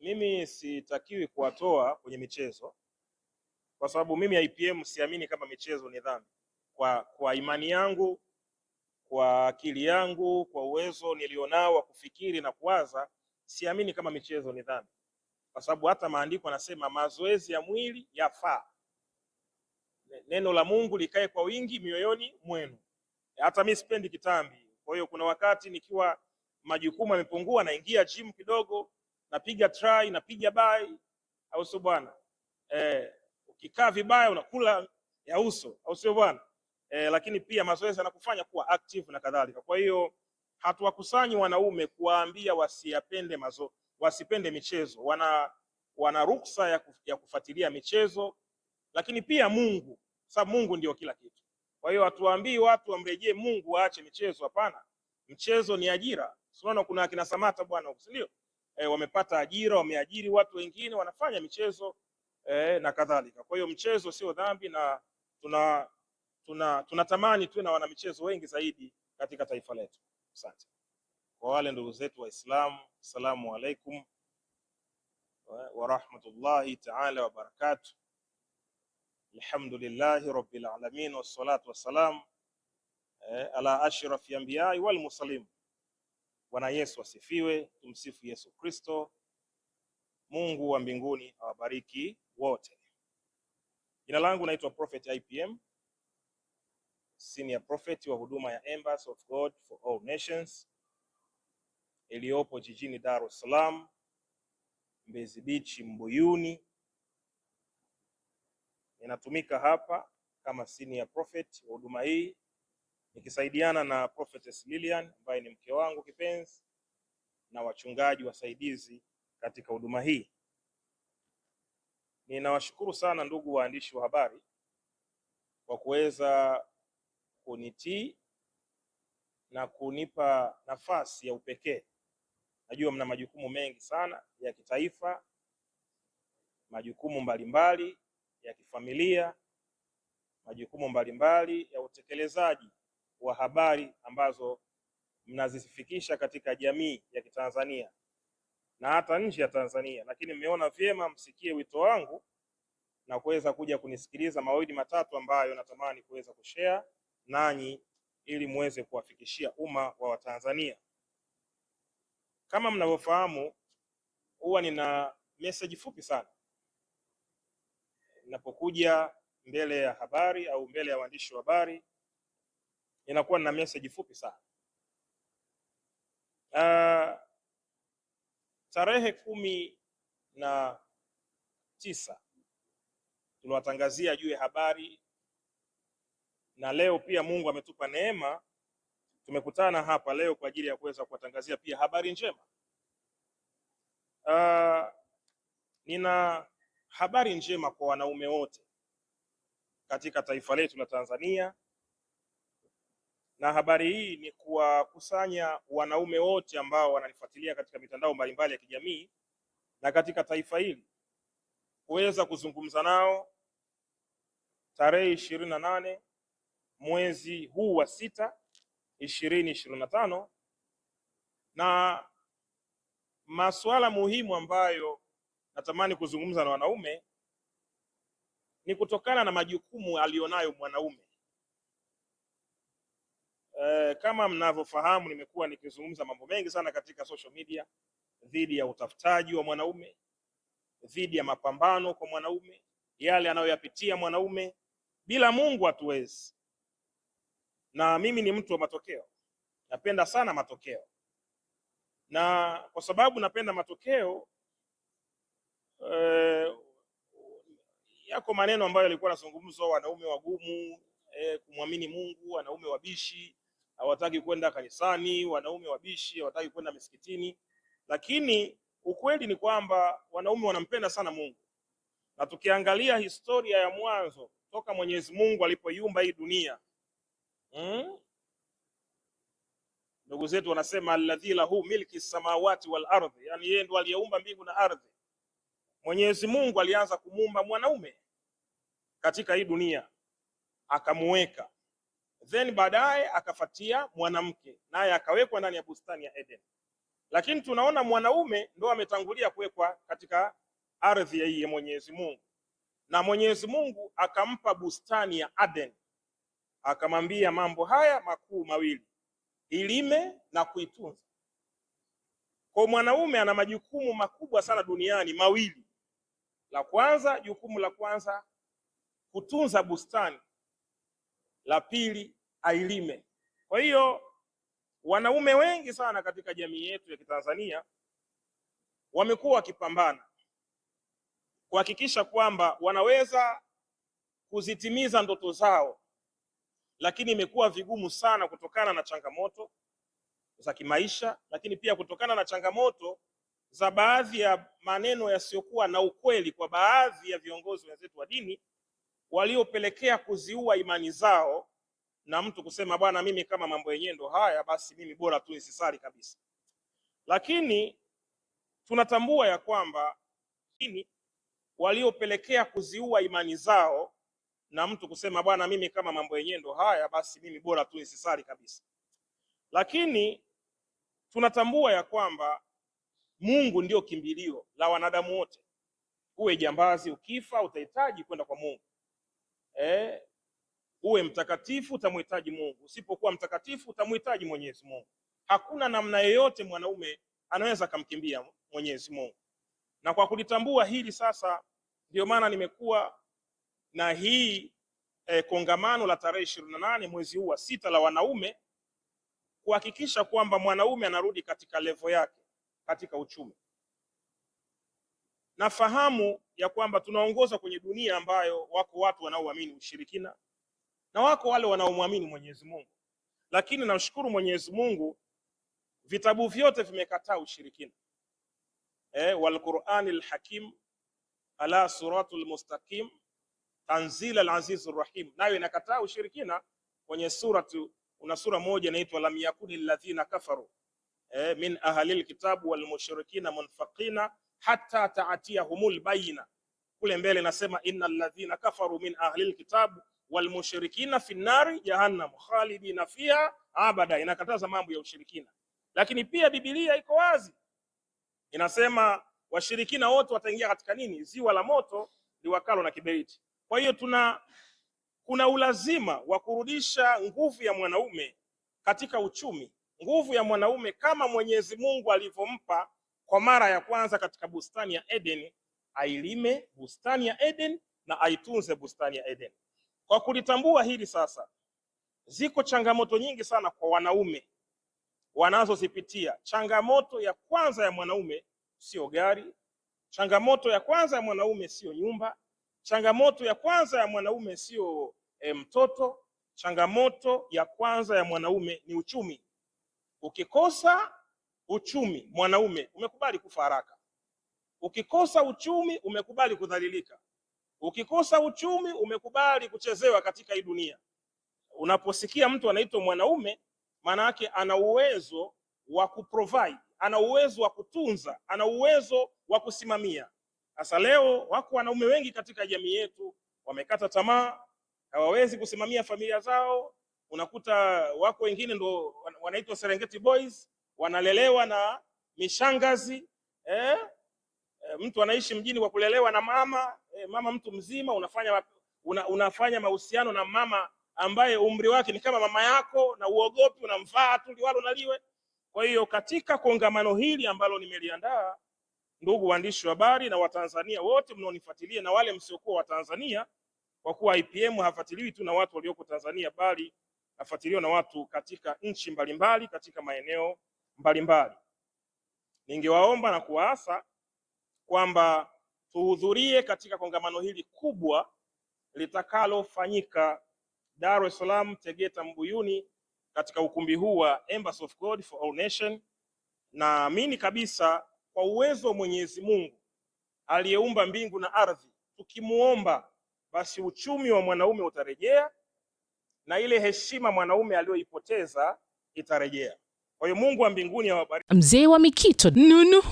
mimi sitakiwi kuwatoa kwenye michezo kwa sababu mimi IPM siamini kama michezo ni dhambi. Kwa, kwa imani yangu, kwa akili yangu, kwa uwezo nilionao wa kufikiri na kuwaza, siamini kama michezo ni dhambi, kwa sababu hata maandiko anasema mazoezi ya mwili yafaa, neno la Mungu likae kwa wingi mioyoni mwenu. Hata mimi sipendi kitambi, kwa hiyo kuna wakati nikiwa majukumu yamepungua, naingia gym kidogo napiga try, napiga buy, au sio bwana? Eh, ukikaa vibaya unakula ya uso, au sio bwana? Eh, lakini pia mazoezi yanakufanya kuwa active na kadhalika. Kwa hiyo hatuwakusanyi wanaume kuwaambia wasiyapende mazo, wasipende michezo. Wana wana ruksa ya, kuf, ya kufuatilia michezo, lakini pia Mungu, sababu Mungu ndio kila kitu. Kwa hiyo hatuwaambii watu wamrejee Mungu waache michezo, hapana. Mchezo ni ajira. Unaona kuna akina Samata bwana, si ndio? e, wamepata ajira, wameajiri watu wengine, wanafanya michezo e, na kadhalika. Kwa hiyo mchezo sio dhambi, na tuna tuna tunatamani tuwe na wanamichezo wengi zaidi katika taifa letu. Asante kwa wale ndugu zetu Waislamu, assalamu alaikum eh, warahmatullahi taala wabarakatu Alhamdulillahi rabbil alamin wassalatu wassalam ala ashrafi anbiyai wal mursalin Bwana Yesu asifiwe. Tumsifu Yesu Kristo. Mungu wa mbinguni awabariki wote. Jina langu naitwa Prophet IPM, senior prophet wa huduma ya Embassy of God for All Nations iliyopo jijini Dar es Salaam, Mbezi Beach, Mbuyuni. Ninatumika hapa kama senior prophet wa huduma hii nikisaidiana na Prophetess Lilian ambaye ni mke wangu kipenzi na wachungaji wasaidizi katika huduma hii. Ninawashukuru sana ndugu waandishi wa habari kwa kuweza kunitii na kunipa nafasi ya upekee. Najua mna majukumu mengi sana ya kitaifa, majukumu mbalimbali ya kifamilia, majukumu mbalimbali ya utekelezaji wa habari ambazo mnazifikisha katika jamii ya Kitanzania na hata nje ya Tanzania, lakini mmeona vyema msikie wito wangu na kuweza kuja kunisikiliza mawili matatu ambayo natamani kuweza kushare nanyi ili muweze kuwafikishia umma wa Watanzania. Kama mnavyofahamu, huwa nina message fupi sana ninapokuja mbele ya habari au mbele ya waandishi wa habari inakuwa na message fupi sana. Uh, tarehe kumi na tisa tuliwatangazia juu ya habari, na leo pia Mungu ametupa neema, tumekutana hapa leo kwa ajili ya kuweza kuwatangazia pia habari njema. Uh, nina habari njema kwa wanaume wote katika taifa letu la Tanzania na habari hii ni kuwakusanya wanaume wote ambao wananifuatilia katika mitandao mbalimbali ya kijamii na katika taifa hili kuweza kuzungumza nao tarehe ishirini na nane mwezi huu wa sita ishirini ishirini na tano na masuala muhimu ambayo natamani kuzungumza na wanaume ni kutokana na majukumu aliyonayo mwanaume eh, kama mnavyofahamu nimekuwa nikizungumza mambo mengi sana katika social media dhidi ya utafutaji wa mwanaume, dhidi ya mapambano kwa mwanaume, yale anayoyapitia mwanaume. Bila Mungu hatuwezi, na mimi ni mtu wa matokeo, napenda sana matokeo, na kwa sababu napenda matokeo eh, yako maneno ambayo yalikuwa yanazungumzwa, wanaume wagumu, eh, kumwamini Mungu, wanaume wabishi hawataki kwenda kanisani, wanaume wabishi hawataki kwenda misikitini, lakini ukweli ni kwamba wanaume wanampenda sana Mungu, na tukiangalia historia ya mwanzo toka Mwenyezi Mungu alipoiumba hii dunia hmm? Ndugu zetu wanasema alladhi lahu milki samawati wal ardhi, yani yeye ndo aliyeumba mbingu na ardhi. Mwenyezi Mungu alianza kumuumba mwanaume katika hii dunia akamuweka then baadaye akafatia mwanamke naye akawekwa ndani ya bustani ya Eden. Lakini tunaona mwanaume ndo ametangulia kuwekwa katika ardhi ya hii Mwenyezi Mungu, na Mwenyezi Mungu akampa bustani ya Eden, akamwambia mambo haya makuu mawili, ilime na kuitunza. Kwa mwanaume ana majukumu makubwa sana duniani mawili. La kwanza, jukumu la kwanza kutunza bustani la pili ailime. Kwa hiyo wanaume wengi sana katika jamii yetu ya Kitanzania wamekuwa wakipambana kuhakikisha kwamba wanaweza kuzitimiza ndoto zao, lakini imekuwa vigumu sana kutokana na changamoto za kimaisha, lakini pia kutokana na changamoto za baadhi ya maneno yasiyokuwa na ukweli kwa baadhi ya viongozi wenzetu wa dini waliopelekea kuziua imani zao na mtu kusema bwana, mimi kama mambo yenyewe ndo haya, basi mimi bora tu nisisali kabisa. Lakini tunatambua ya kwamba ini waliopelekea kuziua imani zao na mtu kusema bwana, mimi kama mambo yenyewe ndo haya, basi mimi bora tu nisisali kabisa. Lakini tunatambua ya kwamba Mungu ndio kimbilio la wanadamu wote. Uwe jambazi, ukifa utahitaji kwenda kwa Mungu eh, uwe mtakatifu utamhitaji Mungu, usipokuwa mtakatifu utamhitaji Mwenyezi Mungu. Hakuna namna yoyote mwanaume anaweza akamkimbia Mwenyezi Mungu. Na kwa kulitambua hili sasa, ndio maana nimekuwa na hii eh, kongamano la tarehe ishirini na nane mwezi huu wa sita la wanaume kuhakikisha kwamba mwanaume anarudi katika levo yake katika uchumi na fahamu ya kwamba tunaongoza kwenye dunia ambayo wako watu wanaoamini ushirikina na wako wale wanaomwamini Mwenyezi Mungu, lakini namshukuru Mwenyezi Mungu, vitabu vyote vimekataa ushirikina. eh, walqurani lhakim ala suratu lmustaqim tanzila lazizur rahim, nayo inakataa ushirikina kwenye suratu, una sura moja inaitwa lam yakuni ladhina kafaru eh, min ahlil kitabu wal mushrikina munfaqina hata humul bayyina. Kule mbele nasema inna alladhina kafaru min ahli alkitab wal mushrikina fi nnari jahannam khalidina fiha abada. Inakataza mambo ya ushirikina, lakini pia Biblia iko wazi inasema washirikina wote wataingia katika nini? Ziwa la moto liwakalo na kiberiti. Kwa hiyo tuna kuna ulazima wa kurudisha nguvu ya mwanaume katika uchumi, nguvu ya mwanaume kama Mwenyezi Mungu alivyompa kwa mara ya kwanza katika bustani ya Eden, ailime bustani ya Eden na aitunze bustani ya Eden. Kwa kulitambua hili sasa, ziko changamoto nyingi sana kwa wanaume wanazozipitia. Changamoto ya kwanza ya mwanaume sio gari, changamoto ya kwanza ya mwanaume sio nyumba, changamoto ya kwanza ya mwanaume sio e, mtoto, changamoto ya kwanza ya mwanaume ni uchumi. Ukikosa uchumi, mwanaume umekubali kufa haraka. Ukikosa uchumi umekubali kudhalilika. Ukikosa uchumi umekubali kuchezewa katika hii dunia. Unaposikia mtu anaitwa mwanaume, maana yake ana uwezo wa kuprovide, ana uwezo wa kutunza, ana uwezo wa kusimamia. Sasa leo wako wanaume wengi katika jamii yetu wamekata tamaa, hawawezi kusimamia familia zao. Unakuta wako wengine ndo wanaitwa Serengeti Boys, wanalelewa na mishangazi eh? eh, mtu anaishi mjini kwa kulelewa na mama eh, mama mtu mzima unafanya una, unafanya mahusiano na mama ambaye umri wake ni kama mama yako na uogopi, unamvaa tu liwalo naliwe. Kwa hiyo katika kongamano hili ambalo nimeliandaa, ndugu waandishi wa habari na Watanzania wote mnaonifuatilia na wale msiokuwa Watanzania, kwa kuwa IPM hafuatiliwi tu na watu walioko Tanzania, bali nafuatiliwa na watu katika nchi mbalimbali katika maeneo mbalimbali. Ningewaomba na kuwaasa kwamba tuhudhurie katika kongamano hili kubwa litakalofanyika Dar es Salaam, Tegeta, Mbuyuni, katika ukumbi huu wa Embassy of God for All Nation. Naamini kabisa kwa uwezo wa Mwenyezi Mungu aliyeumba mbingu na ardhi, tukimuomba basi uchumi wa mwanaume utarejea na ile heshima mwanaume aliyoipoteza itarejea. Kwa hiyo Mungu wa mbinguni awabariki. Mzee wa Mikito Nunu